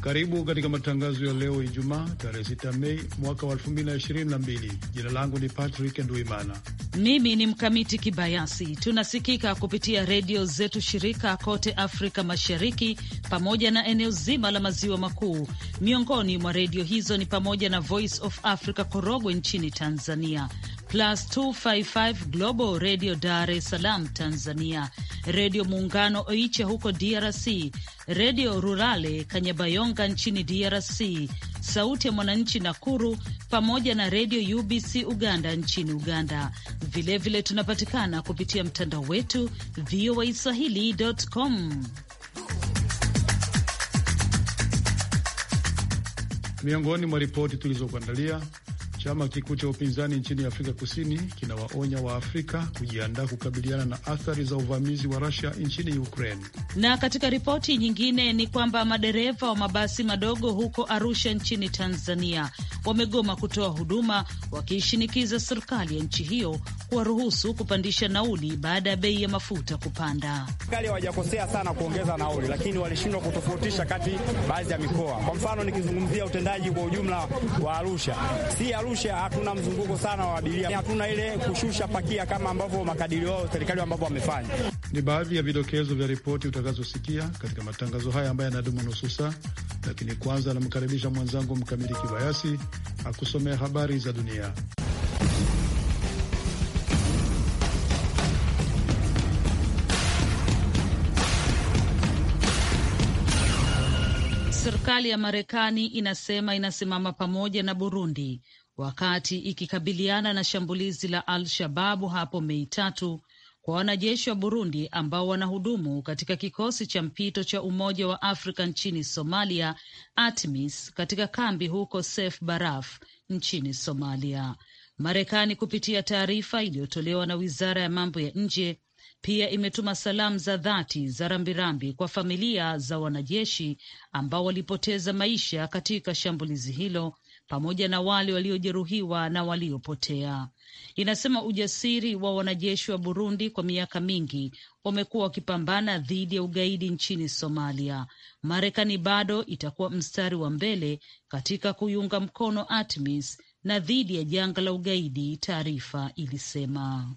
Karibu katika matangazo ya leo Ijumaa, tarehe 6 Mei mwaka wa 2022. Jina langu ni Patrick Nduimana. Mimi ni Mkamiti Kibayasi. Tunasikika kupitia redio zetu shirika kote Afrika Mashariki pamoja na eneo zima la maziwa makuu. Miongoni mwa redio hizo ni pamoja na Voice of Africa Korogwe nchini Tanzania, plus 255 Global Radio Dar es Salaam Tanzania, Redio Muungano Oicha huko DRC, Redio Rurale Kanyabayonga nchini DRC, Sauti ya Mwananchi Nakuru, pamoja na Redio UBC Uganda nchini Uganda. Vilevile vile tunapatikana kupitia mtandao wetu VOA Swahili.com. Miongoni mwa ripoti tulizokuandalia Chama kikuu cha upinzani nchini Afrika Kusini kinawaonya Waafrika kujiandaa kukabiliana na athari za uvamizi wa Rusia nchini Ukraine. Na katika ripoti nyingine ni kwamba madereva wa mabasi madogo huko Arusha nchini Tanzania wamegoma kutoa huduma, wakiishinikiza serikali ya nchi hiyo kuwaruhusu kupandisha nauli baada ya bei ya mafuta kupanda. Serikali hawajakosea sana kuongeza nauli, lakini walishindwa kutofautisha kati baadhi ya mikoa. Kwa mfano nikizungumzia utendaji kwa ujumla wa Arusha, si Arusha kushusha, hatuna mzunguko sana wa abiria, hatuna ile kushusha pakia kama ambavyo makadirio yao serikali ambavyo wamefanya. Ni baadhi ya vidokezo vya ripoti utakazosikia katika matangazo haya ambayo yanadumu nusu saa, lakini kwanza anamkaribisha mwenzangu Mkamili Kibayasi akusomea habari za dunia. Serikali ya Marekani inasema inasimama pamoja na Burundi wakati ikikabiliana na shambulizi la Al-Shababu hapo Mei tatu kwa wanajeshi wa Burundi ambao wanahudumu katika kikosi cha mpito cha Umoja wa Afrika nchini Somalia, ATMIS, katika kambi huko Sef Baraf nchini Somalia. Marekani kupitia taarifa iliyotolewa na wizara ya mambo ya nje pia imetuma salamu za dhati za rambirambi kwa familia za wanajeshi ambao walipoteza maisha katika shambulizi hilo pamoja na wale waliojeruhiwa na waliopotea. Inasema ujasiri wa wanajeshi wa Burundi kwa miaka mingi wamekuwa wakipambana dhidi ya ugaidi nchini Somalia. Marekani bado itakuwa mstari wa mbele katika kuiunga mkono ATMIS na dhidi ya janga la ugaidi, taarifa ilisema.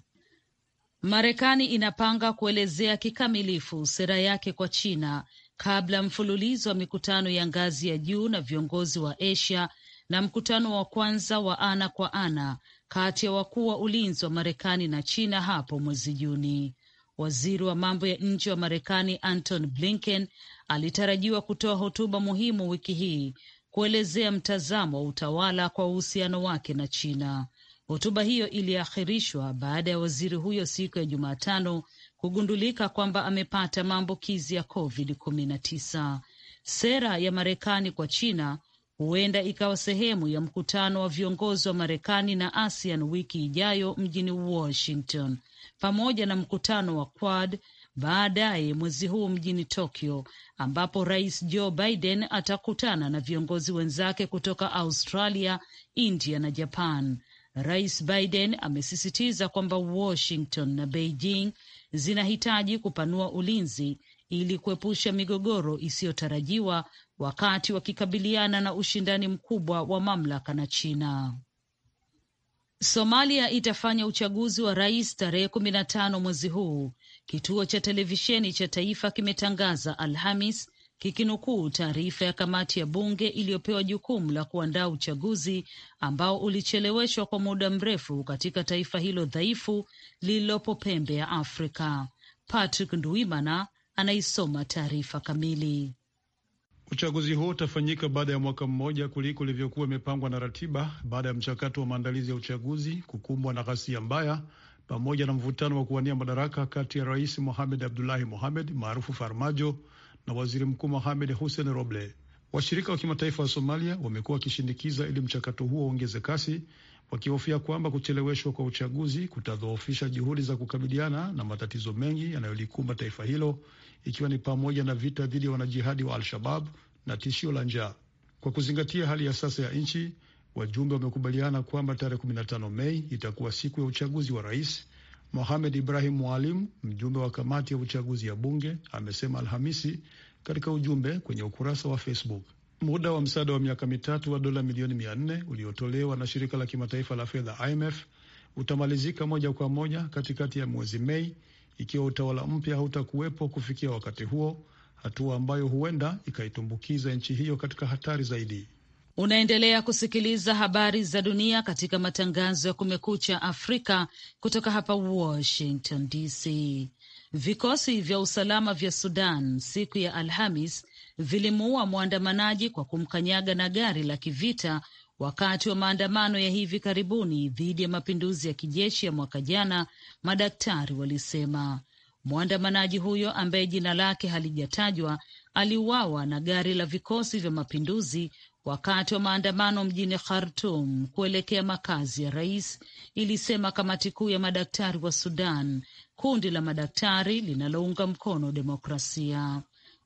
Marekani inapanga kuelezea kikamilifu sera yake kwa China kabla mfululizo wa mikutano ya ngazi ya juu na viongozi wa Asia na mkutano wa kwanza wa ana kwa ana kati ya wakuu wa ulinzi wa Marekani na China hapo mwezi Juni. Waziri wa mambo ya nje wa Marekani Anton Blinken alitarajiwa kutoa hotuba muhimu wiki hii kuelezea mtazamo wa utawala kwa uhusiano wake na China. Hotuba hiyo iliahirishwa baada ya waziri huyo siku ya Jumatano kugundulika kwamba amepata maambukizi ya COVID-19. Sera ya Marekani kwa China huenda ikawa sehemu ya mkutano wa viongozi wa Marekani na ASEAN wiki ijayo mjini Washington, pamoja na mkutano wa Quad baadaye mwezi huu mjini Tokyo, ambapo Rais Joe Biden atakutana na viongozi wenzake kutoka Australia, India na Japan. Rais Biden amesisitiza kwamba Washington na Beijing zinahitaji kupanua ulinzi ili kuepusha migogoro isiyotarajiwa wakati wakikabiliana na ushindani mkubwa wa mamlaka na China. Somalia itafanya uchaguzi wa rais tarehe kumi na tano mwezi huu, kituo cha televisheni cha taifa kimetangaza Alhamis kikinukuu taarifa ya kamati ya bunge iliyopewa jukumu la kuandaa uchaguzi ambao ulicheleweshwa kwa muda mrefu katika taifa hilo dhaifu lililopo pembe ya Afrika. Patrick Nduimana anaisoma taarifa kamili. Uchaguzi huo utafanyika baada ya mwaka mmoja kuliko ilivyokuwa imepangwa na ratiba, baada ya mchakato wa maandalizi ya uchaguzi kukumbwa na ghasia mbaya pamoja na mvutano wa kuwania madaraka kati ya Rais Mohamed Abdullahi Mohamed maarufu Farmajo na Waziri Mkuu Mohamed Hussein Roble. Washirika wa kimataifa wa Somalia wamekuwa wakishinikiza ili mchakato huo uongeze kasi, wakihofia kwamba kucheleweshwa kwa uchaguzi kutadhoofisha juhudi za kukabiliana na matatizo mengi yanayolikumba taifa hilo ikiwa ni pamoja na vita dhidi ya wanajihadi wa Al-Shabab na tishio la njaa. Kwa kuzingatia hali ya sasa ya nchi, wajumbe wamekubaliana kwamba tarehe 15 Mei itakuwa siku ya uchaguzi wa rais. Mohamed Ibrahim Mwalim, mjumbe wa kamati ya uchaguzi ya bunge, amesema Alhamisi katika ujumbe kwenye ukurasa wa Facebook. Muda wa msaada wa miaka mitatu wa dola milioni mia nne uliotolewa na shirika la kimataifa la fedha IMF utamalizika moja kwa moja katikati ya mwezi Mei ikiwa utawala mpya hautakuwepo kufikia wakati huo, hatua ambayo huenda ikaitumbukiza nchi hiyo katika hatari zaidi. Unaendelea kusikiliza habari za dunia katika matangazo ya Kumekucha Afrika kutoka hapa Washington DC. Vikosi vya usalama vya Sudan siku ya Alhamis vilimuua mwandamanaji kwa kumkanyaga na gari la kivita Wakati wa maandamano ya hivi karibuni dhidi ya mapinduzi ya kijeshi ya mwaka jana, madaktari walisema mwandamanaji huyo ambaye jina lake halijatajwa aliuawa na gari la vikosi vya mapinduzi wakati wa maandamano mjini Khartum kuelekea makazi ya rais, ilisema kamati kuu ya madaktari wa Sudan, kundi la madaktari linalounga mkono demokrasia.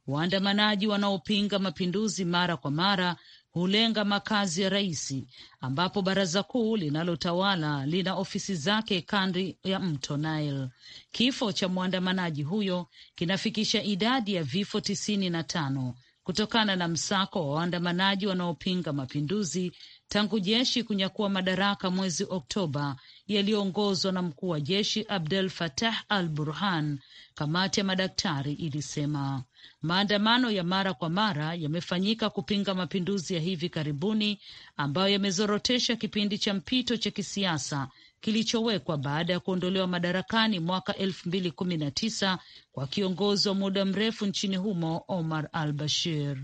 Waandamanaji wanaopinga mapinduzi mara kwa mara hulenga makazi ya rais, ambapo baraza kuu linalotawala lina ofisi zake kando ya mto Nile. Kifo cha mwandamanaji huyo kinafikisha idadi ya vifo tisini na tano kutokana na msako wa waandamanaji wanaopinga mapinduzi tangu jeshi kunyakua madaraka mwezi Oktoba yaliyoongozwa na mkuu wa jeshi Abdel Fattah al Burhan, kamati ya madaktari ilisema. Maandamano ya mara kwa mara yamefanyika kupinga mapinduzi ya hivi karibuni ambayo yamezorotesha kipindi cha mpito cha kisiasa kilichowekwa baada ya kuondolewa madarakani mwaka elfu mbili kumi na tisa kwa kiongozi wa muda mrefu nchini humo Omar al Bashir.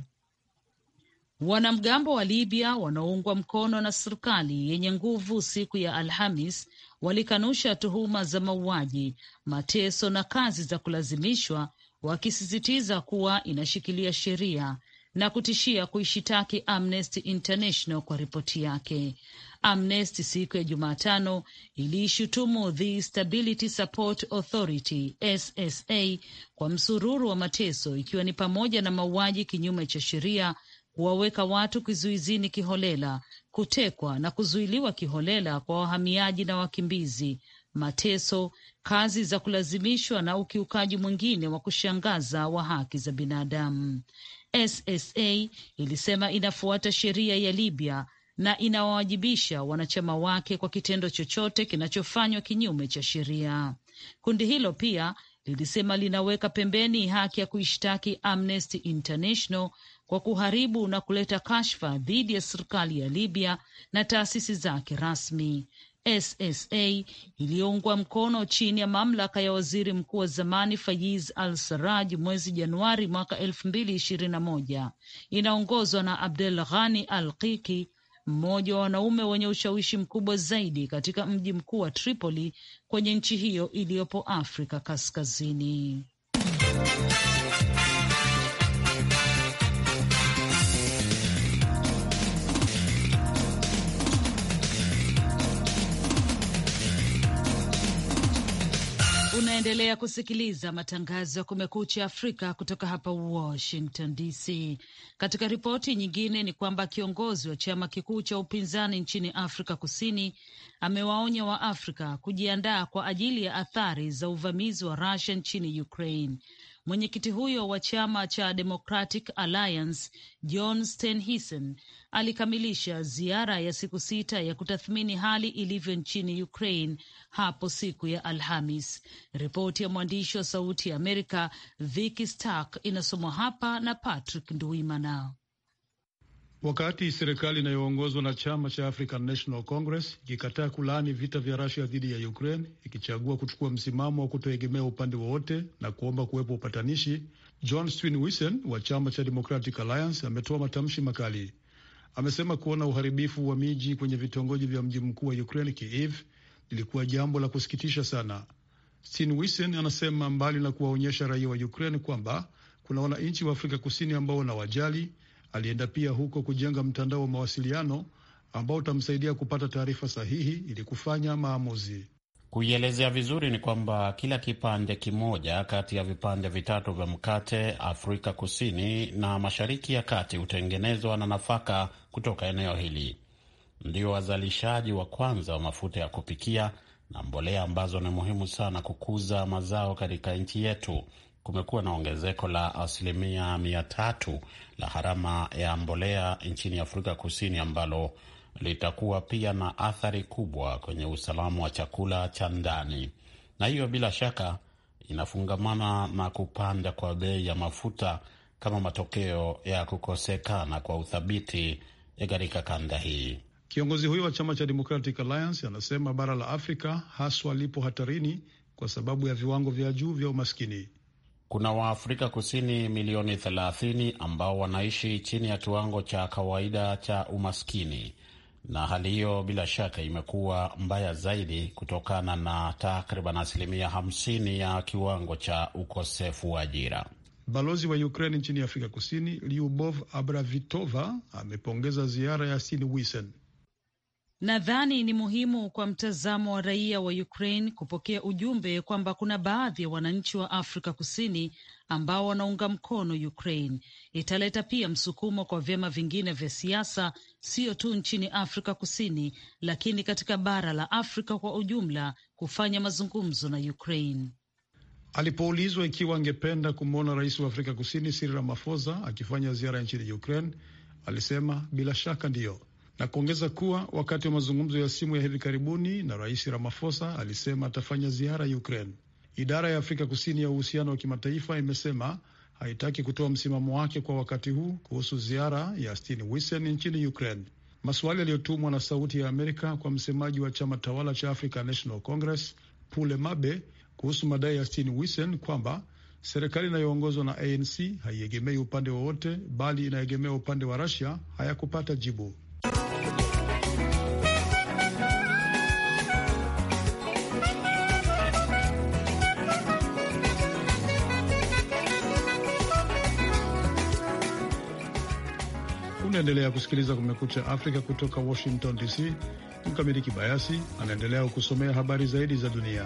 Wanamgambo wa Libya wanaoungwa mkono na serikali yenye nguvu siku ya Alhamis walikanusha tuhuma za mauaji, mateso na kazi za kulazimishwa, wakisisitiza kuwa inashikilia sheria na kutishia kuishitaki Amnesty International kwa ripoti yake. Amnesty siku ya Jumatano iliishutumu The Stability Support Authority SSA kwa msururu wa mateso, ikiwa ni pamoja na mauaji kinyume cha sheria kuwaweka watu kizuizini kiholela, kutekwa na kuzuiliwa kiholela kwa wahamiaji na wakimbizi, mateso, kazi za kulazimishwa na ukiukaji mwingine wa kushangaza wa haki za binadamu. SSA ilisema inafuata sheria ya Libya na inawawajibisha wanachama wake kwa kitendo chochote kinachofanywa kinyume cha sheria. Kundi hilo pia lilisema linaweka pembeni haki ya kuishtaki Amnesty International kwa kuharibu na kuleta kashfa dhidi ya serikali ya Libya na taasisi zake rasmi. SSA iliyoungwa mkono chini ya mamlaka ya waziri mkuu wa zamani Fayiz al saraj mwezi Januari mwaka elfu mbili ishirini na moja inaongozwa na Abdel Ghani al-Qiki, mmoja wa wanaume wenye ushawishi mkubwa zaidi katika mji mkuu wa Tripoli kwenye nchi hiyo iliyopo Afrika Kaskazini. Unaendelea kusikiliza matangazo ya Kumekucha Afrika kutoka hapa Washington DC. Katika ripoti nyingine ni kwamba kiongozi wa chama kikuu cha upinzani nchini Afrika Kusini amewaonya wa afrika kujiandaa kwa ajili ya athari za uvamizi wa Rusia nchini Ukraine. Mwenyekiti huyo wa chama cha Democratic Alliance John stenhisen alikamilisha ziara ya siku sita ya kutathmini hali ilivyo nchini Ukraine hapo siku ya Alhamis. Ripoti ya mwandishi wa Sauti ya Amerika Vicky Stark inasomwa hapa na Patrick Nduimana wakati serikali inayoongozwa na chama cha African National Congress ikikataa kulaani vita vya rasia dhidi ya Ukraine, ikichagua kuchukua msimamo wa kutoegemea upande wowote na kuomba kuwepo upatanishi. John Steenhuisen wa chama cha Democratic Alliance ametoa matamshi makali. Amesema kuona uharibifu wa miji kwenye vitongoji vya mji mkuu wa Ukraine, Kiev, lilikuwa jambo la kusikitisha sana. Steenhuisen anasema mbali na kuwaonyesha raia wa Ukraine kwamba kuna wananchi wa Afrika Kusini ambao wanawajali Alienda pia huko kujenga mtandao wa mawasiliano ambao utamsaidia kupata taarifa sahihi ili kufanya maamuzi. Kuielezea vizuri ni kwamba kila kipande kimoja kati ya vipande vitatu vya mkate Afrika Kusini na Mashariki ya Kati hutengenezwa na nafaka kutoka eneo hili. Ndio wazalishaji wa kwanza wa mafuta ya kupikia na mbolea ambazo ni muhimu sana kukuza mazao katika nchi yetu kumekuwa na ongezeko la asilimia mia tatu la gharama ya mbolea nchini Afrika Kusini ambalo litakuwa pia na athari kubwa kwenye usalama wa chakula cha ndani, na hiyo bila shaka inafungamana na kupanda kwa bei ya mafuta kama matokeo ya kukosekana kwa uthabiti katika kanda hii. Kiongozi huyo wa chama cha Democratic Alliance anasema bara la Afrika haswa lipo hatarini kwa sababu ya viwango vya juu vya umaskini kuna Waafrika Kusini milioni 30 ambao wanaishi chini ya kiwango cha kawaida cha umaskini, na hali hiyo bila shaka imekuwa mbaya zaidi kutokana na takriban asilimia 50 ya kiwango cha ukosefu wa ajira. Balozi wa Ukraini nchini Afrika Kusini Lyubov Abravitova amepongeza ziara ya Sin Wisen Nadhani ni muhimu kwa mtazamo wa raia wa Ukraine kupokea ujumbe kwamba kuna baadhi ya wananchi wa Afrika Kusini ambao wanaunga mkono Ukraine. Italeta pia msukumo kwa vyama vingine vya siasa, sio tu nchini Afrika Kusini, lakini katika bara la Afrika kwa ujumla, kufanya mazungumzo na Ukraine. Alipoulizwa ikiwa angependa kumwona rais wa Afrika Kusini Cyril Ramaphosa akifanya ziara nchini Ukraine, alisema bila shaka ndiyo na kuongeza kuwa wakati wa mazungumzo ya simu ya hivi karibuni na Rais Ramaphosa alisema atafanya ziara Ukraine. Idara ya Afrika Kusini ya uhusiano wa kimataifa imesema haitaki kutoa msimamo wake kwa wakati huu kuhusu ziara ya Stine Wisen nchini Ukraine. Maswali yaliyotumwa na Sauti ya Amerika kwa msemaji wa chama tawala cha African National Congress Pule Mabe kuhusu madai ya Stine Wisen kwamba serikali inayoongozwa na ANC haiegemei upande wowote bali inaegemea upande wa Russia hayakupata jibu. Unaendelea kusikiliza Kumekucha Afrika kutoka Washington DC. Mkamili Kibayasi anaendelea kukusomea habari zaidi za dunia.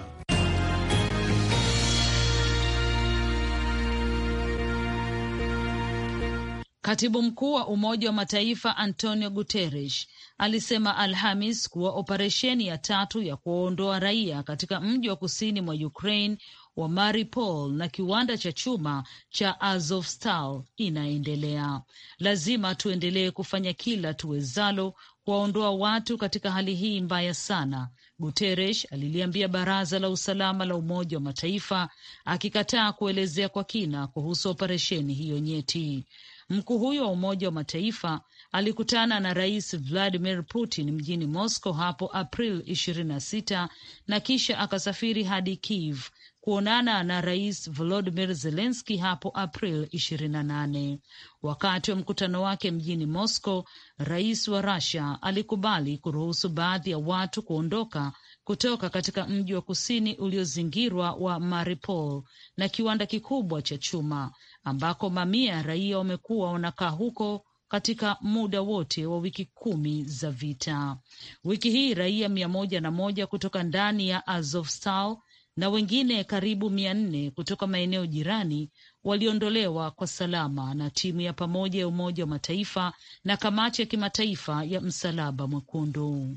Katibu mkuu wa Umoja wa Mataifa Antonio Guterres alisema Alhamis kuwa operesheni ya tatu ya kuwaondoa raia katika mji wa kusini mwa Ukraine wa Mariupol na kiwanda cha chuma cha Azovstal inaendelea. Lazima tuendelee kufanya kila tuwezalo kuwaondoa watu katika hali hii mbaya sana, Guterres aliliambia Baraza la Usalama la Umoja wa Mataifa, akikataa kuelezea kwa kina kuhusu operesheni hiyo nyeti. Mkuu huyo wa Umoja wa Mataifa alikutana na Rais Vladimir Putin mjini Moscow hapo April 26 na kisha akasafiri hadi Kiev kuonana na Rais Volodimir Zelenski hapo April 28. Wakati wa mkutano wake mjini Moscow, rais wa Russia alikubali kuruhusu baadhi ya watu kuondoka kutoka katika mji wa kusini uliozingirwa wa Mariupol na kiwanda kikubwa cha chuma ambako mamia ya raia wamekuwa wanakaa huko katika muda wote wa wiki kumi za vita. Wiki hii raia mia moja na moja kutoka ndani ya Azovstal na wengine karibu mia nne kutoka maeneo jirani waliondolewa kwa salama na timu ya pamoja ya Umoja wa Mataifa na kamati ya kimataifa ya Msalaba Mwekundu.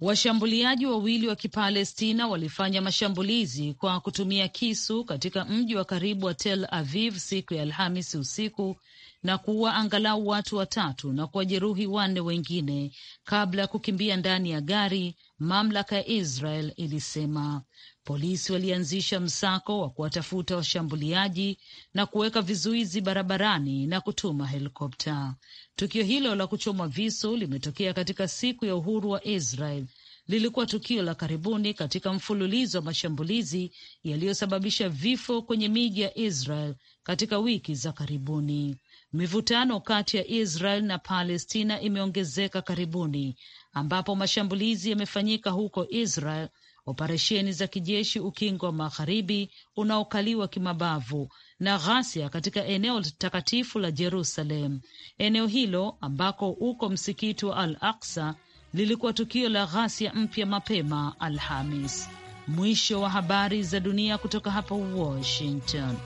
Washambuliaji wawili wa Kipalestina walifanya mashambulizi kwa kutumia kisu katika mji wa karibu wa Tel Aviv siku ya Alhamisi usiku na kuua angalau watu watatu na kuwajeruhi wanne wengine kabla ya kukimbia ndani ya gari, mamlaka ya Israel ilisema. Polisi walianzisha msako wa kuwatafuta washambuliaji na kuweka vizuizi barabarani na kutuma helikopta. Tukio hilo la kuchomwa visu limetokea katika siku ya uhuru wa Israel. Lilikuwa tukio la karibuni katika mfululizo wa mashambulizi yaliyosababisha vifo kwenye miji ya Israel katika wiki za karibuni. Mivutano kati ya Israel na Palestina imeongezeka karibuni, ambapo mashambulizi yamefanyika huko Israel, operesheni za kijeshi Ukingo wa Magharibi unaokaliwa kimabavu na ghasia katika eneo takatifu la Jerusalem. Eneo hilo ambako uko msikiti wa Al Aksa lilikuwa tukio la ghasia mpya mapema Alhamis. Mwisho wa habari za dunia kutoka hapa Washington.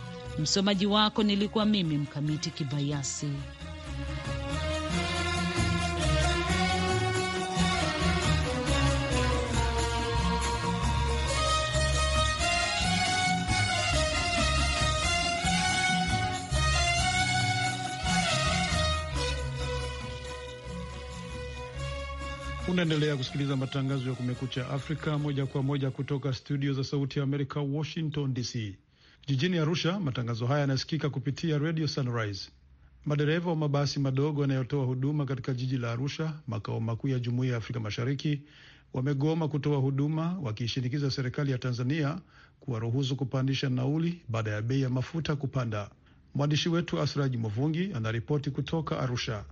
Msomaji wako nilikuwa mimi Mkamiti Kibayasi. Unaendelea kusikiliza matangazo ya Kumekucha Afrika moja kwa moja kutoka studio za Sauti ya Amerika, Washington DC. Jijini Arusha, matangazo haya yanasikika kupitia Radio Sunrise. Madereva wa mabasi madogo yanayotoa huduma katika jiji la Arusha, makao makuu ya Jumuiya ya Afrika Mashariki, wamegoma kutoa huduma, wakiishinikiza serikali ya Tanzania kuwaruhusu kupandisha nauli baada ya bei ya mafuta kupanda. Mwandishi wetu Asraji Mavungi anaripoti kutoka Arusha.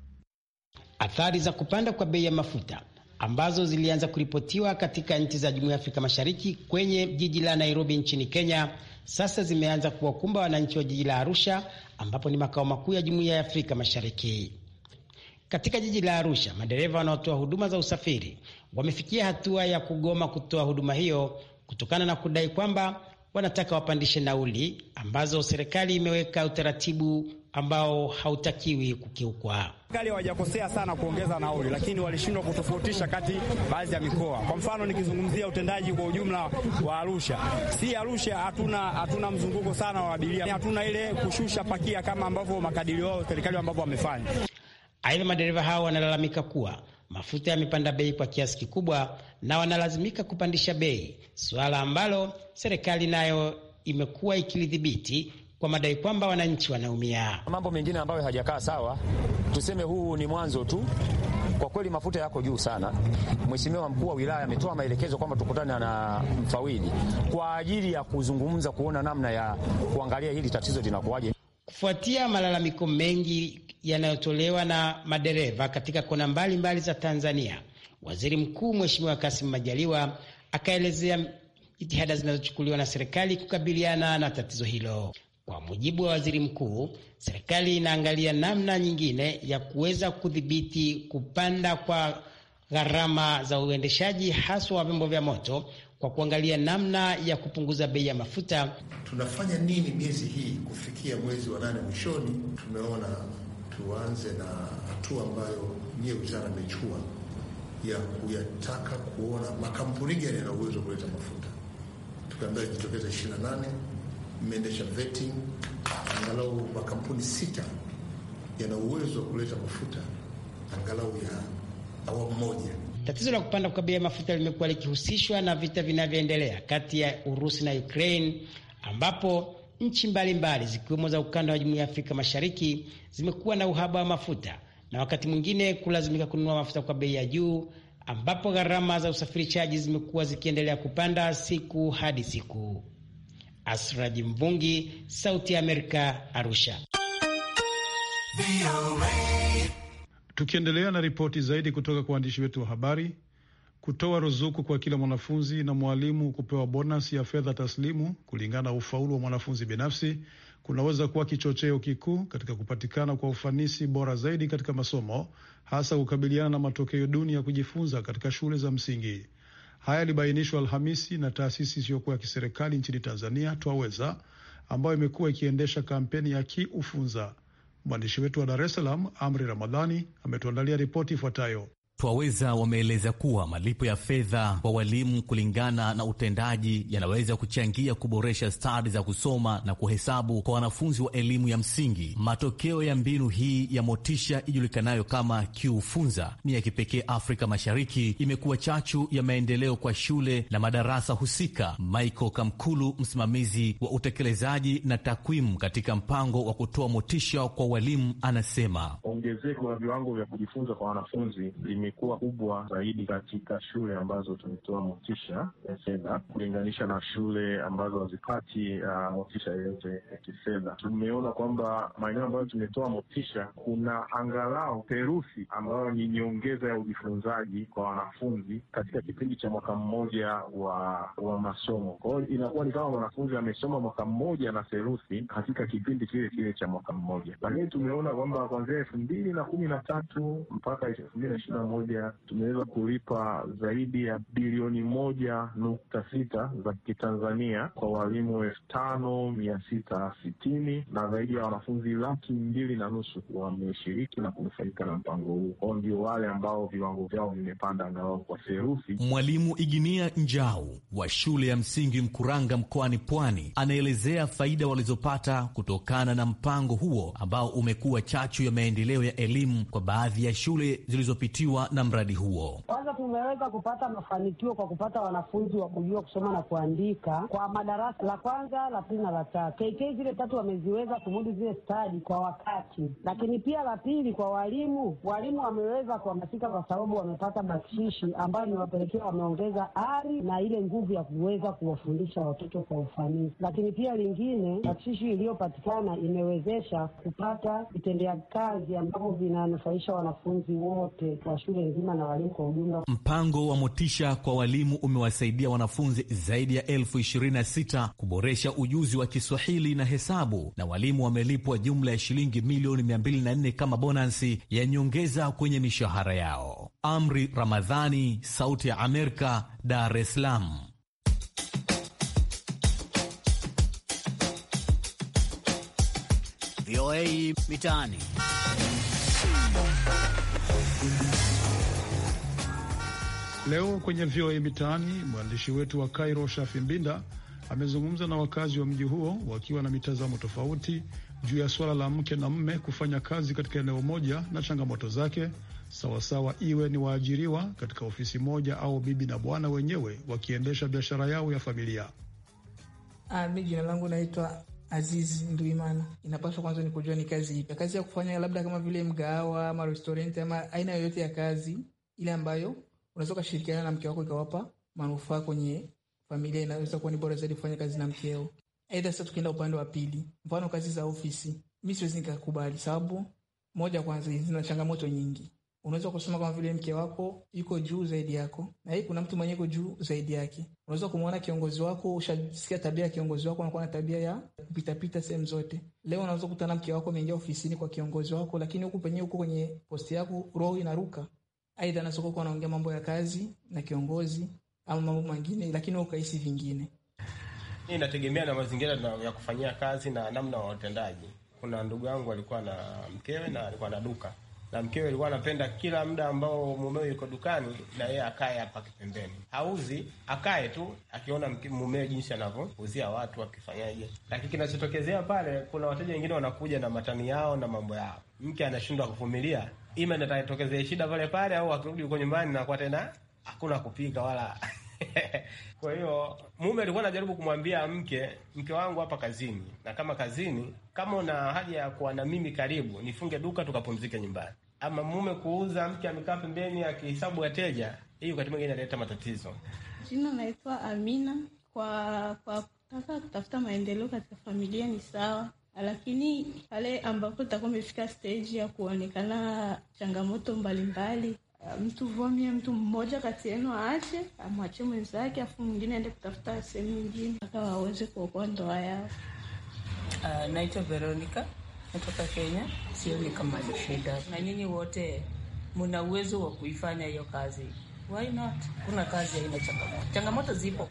Athari za kupanda kwa bei ya mafuta ambazo zilianza kuripotiwa katika nchi za Jumuiya ya Afrika Mashariki kwenye jiji la Nairobi nchini Kenya, sasa zimeanza kuwakumba wananchi wa jiji la Arusha ambapo ni makao makuu ya Jumuiya ya Afrika Mashariki. Katika jiji la Arusha, madereva wanaotoa huduma za usafiri wamefikia hatua ya kugoma kutoa huduma hiyo kutokana na kudai kwamba wanataka wapandishe nauli ambazo serikali imeweka utaratibu ambao hautakiwi kukiukwa. Serikali hawajakosea sana kuongeza nauli, lakini walishindwa kutofautisha kati baadhi ya mikoa. Kwa mfano nikizungumzia utendaji kwa ujumla wa Arusha, si Arusha hatuna hatuna mzunguko sana wa abiria, hatuna ile kushusha pakia kama ambavyo makadirio yao serikali ambavyo wamefanya. Aidha, madereva hao wanalalamika kuwa mafuta yamepanda bei kwa kiasi kikubwa na wanalazimika kupandisha bei, suala ambalo serikali nayo imekuwa ikilidhibiti kwa madai kwamba wananchi wanaumia. Mambo mengine ambayo hajakaa sawa, tuseme huu ni mwanzo tu. Kwa kweli mafuta yako juu sana. Mheshimiwa mkuu wa wilaya ametoa maelekezo kwamba tukutane na mfawidi kwa ajili ya kuzungumza, kuona namna ya kuangalia hili tatizo linakuwaje. Kufuatia malalamiko mengi yanayotolewa na madereva katika kona mbalimbali za Tanzania, waziri mkuu Mheshimiwa Kasim Majaliwa akaelezea jitihada zinazochukuliwa na serikali kukabiliana na tatizo hilo. Kwa mujibu wa waziri mkuu, serikali inaangalia namna nyingine ya kuweza kudhibiti kupanda kwa gharama za uendeshaji haswa wa vyombo vya moto kwa kuangalia namna ya kupunguza bei ya mafuta. Tunafanya nini miezi hii kufikia mwezi wa nane mwishoni? Tumeona tuanze na hatua ambayo niye wizara imechukua ya kuyataka kuona makampuni gani yana uwezo wa kuleta mafuta, tukaambiwa jitokeza ishirini na nane imeendesha vetting angalau makampuni sita yana uwezo wa kuleta mafuta angalau ya awamu moja. Tatizo la kupanda kwa bei ya mafuta limekuwa likihusishwa na vita vinavyoendelea kati ya Urusi na Ukraine, ambapo nchi mbalimbali zikiwemo za ukanda wa Jumuiya ya Afrika Mashariki zimekuwa na uhaba wa mafuta na wakati mwingine kulazimika kununua mafuta kwa bei ya juu, ambapo gharama za usafirishaji zimekuwa zikiendelea kupanda siku hadi siku. Asraji Mvungi, Sauti ya Amerika, Arusha. Tukiendelea na ripoti zaidi kutoka kwa waandishi wetu wa habari, kutoa ruzuku kwa kila mwanafunzi na mwalimu kupewa bonasi ya fedha taslimu kulingana na ufaulu wa mwanafunzi binafsi kunaweza kuwa kichocheo kikuu katika kupatikana kwa ufanisi bora zaidi katika masomo, hasa kukabiliana na matokeo duni ya kujifunza katika shule za msingi. Haya yalibainishwa Alhamisi na taasisi isiyokuwa ya kiserikali nchini Tanzania, Twaweza, ambayo imekuwa ikiendesha kampeni ya Kiufunza. Mwandishi wetu wa Dar es Salaam, Amri Ramadhani, ametuandalia ripoti ifuatayo. Twaweza wameeleza kuwa malipo ya fedha kwa walimu kulingana na utendaji yanaweza kuchangia kuboresha stadi za kusoma na kuhesabu kwa wanafunzi wa elimu ya msingi. Matokeo ya mbinu hii ya motisha ijulikanayo kama Kiufunza ni ya kipekee Afrika Mashariki, imekuwa chachu ya maendeleo kwa shule na madarasa husika. Michael Kamkulu, msimamizi wa utekelezaji na takwimu katika mpango wa kutoa motisha kwa walimu, anasema ongezeko la viwango vya kujifunza kwa wanafunzi lime imekuwa kubwa zaidi katika shule ambazo tumetoa motisha ya fedha kulinganisha na shule ambazo hazipati uh, motisha yoyote ya kifedha. Tumeona kwamba maeneo ambayo tumetoa motisha kuna angalau theruthi ambayo ni nyongeza ya ujifunzaji kwa wanafunzi katika kipindi cha mwaka mmoja wa wa masomo. Kwa hiyo inakuwa ni kama mwanafunzi amesoma mwaka mmoja na theruthi katika kipindi kile kile cha mwaka mmoja, lakini tumeona kwamba kuanzia elfu mbili na kumi na tatu mpaka elfu mbili na ishirini na moja moja tumeweza kulipa zaidi ya bilioni moja nukta sita za kitanzania kwa walimu elfu tano mia sita sitini na zaidi ya wanafunzi laki mbili na nusu wameshiriki na kunufaika na mpango huu. Kwao ndio wale ambao viwango vyao vimepanda angalau kwa serufi. Mwalimu Iginia Njau wa shule ya msingi Mkuranga mkoani Pwani anaelezea faida walizopata kutokana na mpango huo ambao umekuwa chachu ya maendeleo ya elimu kwa baadhi ya shule zilizopitiwa na mradi huo? Kwanza tumeweza kupata mafanikio kwa kupata wanafunzi wa kujua kusoma na kuandika kwa madarasa la kwanza, la pili na la tatu. KK zile tatu wameziweza kumudu zile stadi kwa wakati, lakini pia la pili kwa walimu, walimu wameweza kuhamasika kwa sababu wamepata bakshishi ambayo imewapelekea wameongeza ari na ile nguvu ya kuweza kuwafundisha watoto kwa ufanisi. Lakini pia lingine, bakshishi iliyopatikana imewezesha kupata vitendea kazi ambavyo vinanufaisha wanafunzi wote wa shule shule nzima na walimu kwa ujumla. Mpango wa motisha kwa walimu umewasaidia wanafunzi zaidi ya elfu ishirini na sita kuboresha ujuzi wa Kiswahili na hesabu, na walimu wamelipwa jumla ya shilingi milioni 204 kama bonansi ya nyongeza kwenye mishahara yao. Amri Ramadhani, Sauti ya Amerika, Dar es Salaam. VOA Mitaani. Leo kwenye VOA Mitaani, mwandishi wetu wa Kairo Shafi Mbinda amezungumza na wakazi wa mji huo wakiwa na mitazamo tofauti juu ya suala la mke na mme kufanya kazi katika eneo moja na changamoto zake, sawasawa iwe ni waajiriwa katika ofisi moja au bibi na bwana wenyewe wakiendesha biashara yao ya familia. Ah, mi jina langu naitwa Aziz Nduimana. Inapaswa kwanza ni kujua ni kazi ipi, kazi ya kufanya, labda kama vile mgahawa ama restorenti ama aina yoyote ya kazi ile ambayo unaweza ukashirikiana na mke wako ikawapa manufaa kwenye familia, inaweza kuwa ni bora zaidi kufanya kazi na mkeo. Aidha, sasa tukienda upande wa pili, mfano kazi za ofisi, mi siwezi nikakubali, sababu moja, kwanza zina changamoto nyingi. Unaweza kusema kama vile mke wako yuko juu zaidi yako, na hii kuna mtu mwenye yuko juu zaidi yake. Unaweza kumwona kiongozi wako, ushasikia tabia ya kiongozi wako, anakuwa na tabia ya kupitapita sehemu zote. Leo unaweza kukutana mke wako ameingia ofisini kwa kiongozi wako, lakini huku penyewe, huko kwenye posti yako, roho inaruka aidha anaweza kuwa anaongea mambo ya kazi na kiongozi ama mambo mengine, lakini ukahisi vingine. Hii inategemea na mazingira na ya kufanyia kazi na namna wa watendaji. Kuna ndugu yangu alikuwa na mkewe na alikuwa na duka na mkewe alikuwa anapenda kila muda ambao mumewe yuko dukani na yeye akae hapa pembeni, hauzi, akae tu akiona mumewe jinsi anavyouzia watu akifanyaje. Lakini kinachotokezea pale, kuna wateja wengine wanakuja na matani yao na mambo yao, mke anashindwa kuvumilia ima nitatokezea shida pale pale, au akirudi huko nyumbani nakuwa tena hakuna kupika wala kwa hiyo mume alikuwa anajaribu kumwambia mke, mke wangu hapa kazini, na kama kazini, kama una haja ya kuwa na mimi karibu, nifunge duka tukapumzike nyumbani. Ama mume kuuza, mke amekaa pembeni akihesabu wateja, hii wakati mwingine inaleta matatizo. Jina naitwa Amina. Kwa kwa kutaka kutafuta maendeleo katika familia ni sawa, lakini pale ambapo tutakuwa umefika stage ya kuonekana changamoto mbalimbali mbali, mtu vomie, mtu mmoja kati yenu aache, amwache mwenzake, afu mwingine aende kutafuta sehemu nyingine mpaka waweze kuokoa ndoa yao. Uh, naitwa Veronica natoka Kenya. ni kama ni shida, na nyinyi wote muna uwezo wa kuifanya hiyo kazi. Why not? Kuna kazi haina changamoto, changamoto zipo.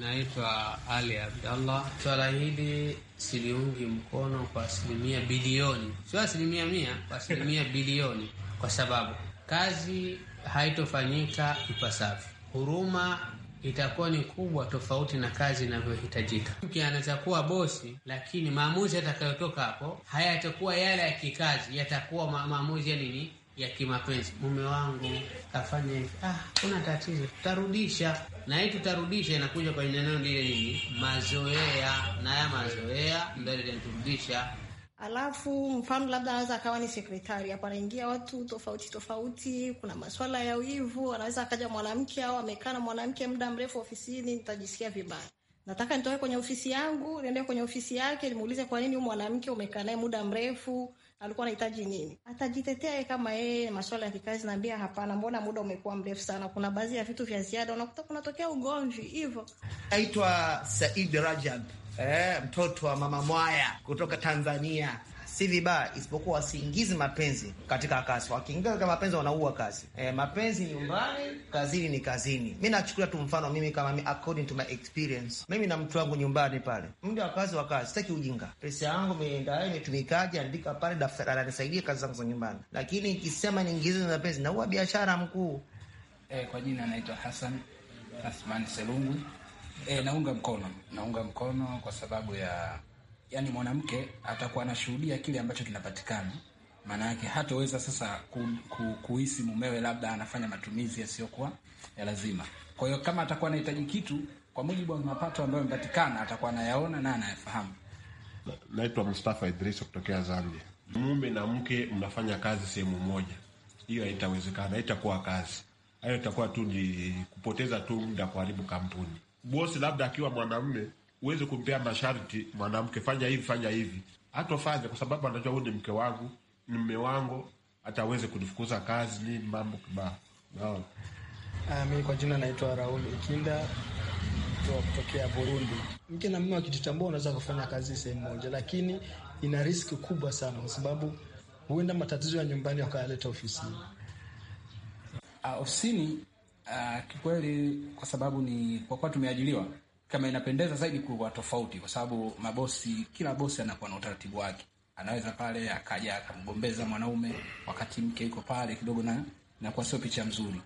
Naitwa Ali Abdallah. Swala hili siliungi mkono kwa asilimia bilioni, sio asilimia mia, kwa asilimia bilioni, kwa sababu kazi haitofanyika ipasavyo, huruma itakuwa ni kubwa tofauti na kazi inavyohitajika. Mke anaweza kuwa bosi, lakini maamuzi yatakayotoka hapo hayatakuwa yale ya kikazi, yatakuwa maamuzi ya nini, ya kimapenzi. Mume wangu kafanya hivi, ah, kuna tatizo, tutarudisha na hii tutarudisha, inakuja kwa neno lile hili mazoea, na haya mazoea ndio linaturudisha. Alafu mfano labda anaweza akawa ni sekretari hapa, anaingia watu tofauti tofauti, kuna maswala ya wivu, anaweza akaja mwanamke au amekaa na mwanamke muda mrefu ofisini, nitajisikia vibaya nataka nitoke kwenye ofisi yangu niende kwenye ofisi yake, nimuulize kwa nini huyu mwanamke umekaa naye muda mrefu, alikuwa anahitaji nini, atajitetea kama yeye masuala ya kikazi. Naambia hapana, mbona muda umekuwa mrefu sana, kuna baadhi ya vitu vya ziada, unakuta kunatokea ugomvi hivyo. Naitwa Said Rajab, eh, mtoto wa mama Mwaya kutoka Tanzania si vibaya, isipokuwa wasiingizi mapenzi katika kazi. Wakiingiza katika mapenzi wanaua kazi. E, mapenzi nyumbani, kazini ni kazini. Mi nachukulia tu mfano mimi kama mi, according to my experience, mimi na mtu wangu nyumbani pale, mda wa kazi wa kazi, sitaki ujinga. Pesa yangu imeendayo imetumikaje, andika pale daftari, ananisaidie kazi zangu za nyumbani, lakini ikisema niingize mapenzi, naua biashara mkuu. E, kwa jina anaitwa Hassan Athmani Selungu. E, naunga mkono, naunga mkono kwa sababu ya yani mwanamke atakuwa anashuhudia kile ambacho kinapatikana, maana yake hataweza sasa ku, ku, kuhisi mumewe labda anafanya matumizi yasiyokuwa ya lazima. Kwa hiyo kama atakuwa anahitaji kitu, kwa mujibu wa mapato ambayo yamepatikana, atakuwa anayaona na anayafahamu. Naitwa Mustafa idris kutokea Zambia. Mume na mke mnafanya kazi sehemu moja, hiyo haitawezekana, haitakuwa kazi, hayo itakuwa tu ni kupoteza tu muda, kuharibu kampuni. Bosi labda akiwa mwanamume Huwezi kumpea masharti mwanamke, fanya hivi, fanya hivi, hatofanya kwa sababu anajua huyu ni mke wangu, ni mme wangu, hata aweze kunifukuza kazi, ni mambo kibao. Uh, mimi kwa jina naitwa Raul Ikinda kutokea Burundi. Mke na mume wakijitambua, unaweza kufanya kazi sehemu moja, lakini ina riski kubwa sana, kwa sababu huenda matatizo ya nyumbani wakayaleta ofisini. Uh, ofisini uh, kikweli, kwa sababu ni kwa kuwa tumeajiliwa kama inapendeza zaidi kuwa tofauti, kwa sababu mabosi, kila bosi anakuwa na utaratibu wake. Anaweza pale akaja akamgombeza mwanaume wakati mke iko pale, kidogo na kwa sio picha mzuri,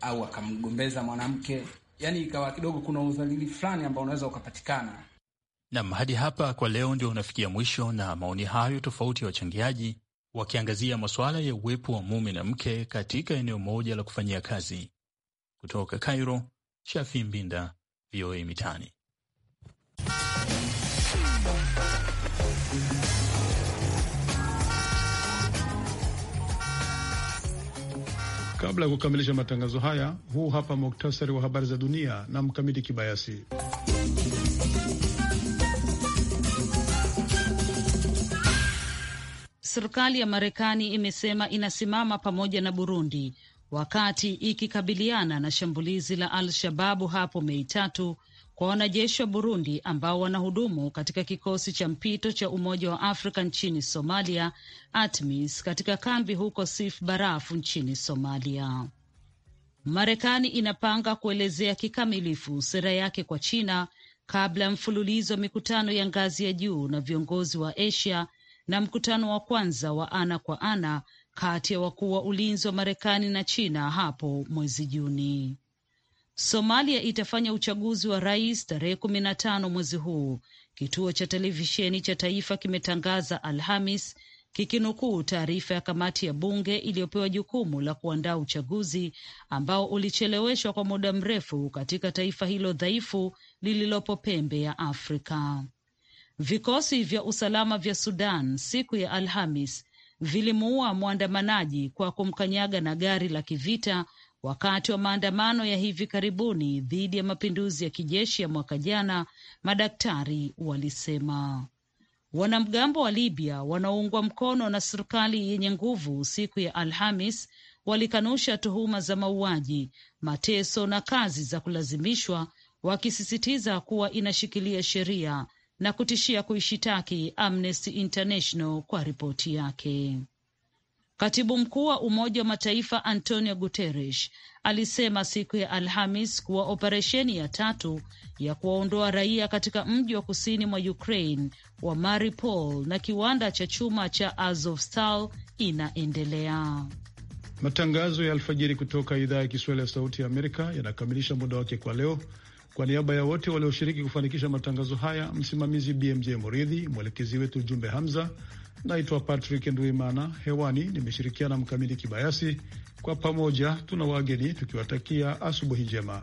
au akamgombeza mwanamke, yani ikawa kidogo kuna udhalili fulani ambao unaweza ukapatikana. Nam, hadi hapa kwa leo ndio unafikia mwisho na maoni hayo tofauti ya wa wachangiaji wakiangazia masuala ya uwepo wa mume na mke katika eneo moja la kufanyia kazi. Kutoka Cairo, Shafi Mbinda, VOA Mitaani. Kabla ya kukamilisha matangazo haya, huu hapa muktasari wa habari za dunia na Mkamiti Kibayasi. Serikali ya Marekani imesema inasimama pamoja na Burundi wakati ikikabiliana na shambulizi la Al-Shababu hapo Mei tatu kwa wanajeshi wa Burundi ambao wanahudumu katika kikosi cha mpito cha Umoja wa Afrika nchini Somalia, ATMIS, katika kambi huko Sif Barafu nchini Somalia. Marekani inapanga kuelezea kikamilifu sera yake kwa China kabla ya mfululizo wa mikutano ya ngazi ya juu na viongozi wa Asia na mkutano wa kwanza wa ana kwa ana kati ya wakuu wa ulinzi wa Marekani na China hapo mwezi Juni. Somalia itafanya uchaguzi wa rais tarehe kumi na tano mwezi huu, kituo cha televisheni cha taifa kimetangaza Alhamis kikinukuu taarifa ya kamati ya bunge iliyopewa jukumu la kuandaa uchaguzi ambao ulicheleweshwa kwa muda mrefu katika taifa hilo dhaifu lililopo pembe ya Afrika. Vikosi vya usalama vya Sudan siku ya Alhamis vilimuua mwandamanaji kwa kumkanyaga na gari la kivita wakati wa maandamano ya hivi karibuni dhidi ya mapinduzi ya kijeshi ya mwaka jana, madaktari walisema. Wanamgambo wa Libya wanaoungwa mkono na serikali yenye nguvu siku ya Alhamis walikanusha tuhuma za mauaji, mateso na kazi za kulazimishwa, wakisisitiza kuwa inashikilia sheria na kutishia kuishitaki Amnesty International kwa ripoti yake. Katibu mkuu wa Umoja wa Mataifa Antonio Guterres alisema siku ya Alhamis kuwa operesheni ya tatu ya kuwaondoa raia katika mji wa kusini mwa Ukraine wa Mariupol na kiwanda cha chuma cha Azovstal inaendelea. Matangazo ya alfajiri kutoka idhaa ya Kiswahili ya Sauti ya Amerika yanakamilisha muda wake kwa leo. Kwa niaba ya wote walioshiriki kufanikisha matangazo haya, msimamizi BMJ Muridhi, mwelekezi wetu Jumbe Hamza. Naitwa Patrick Nduimana, hewani nimeshirikiana Mkamili Kibayasi. Kwa pamoja tuna wageni tukiwatakia asubuhi njema.